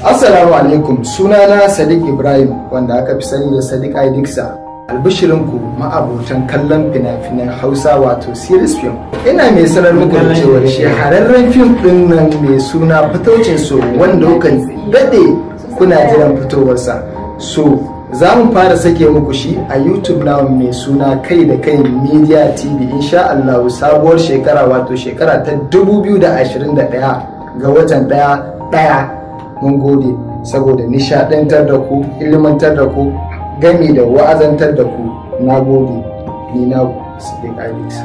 Assalamu alaikum sunana Sadiq Ibrahim wanda aka fi sani da Sadiq albishirin ku, ma'abotan kallon fina-finan Hausa wato series film. Ina mai sanar muku da cewar shahararren fim ɗin nan mai suna fitocin so wanda kukan daɗe kuna jiran fitowarsa. So za mu fara sake muku shi a YouTube na mai suna kai da kai Media TV insha Allah sabuwar shekara wato shekara ta 2021 ga watan ɗaya ɗaya mun gode saboda nishadantar da ku ilimantar da ku gami da wa'azantar da ku na gode ni na su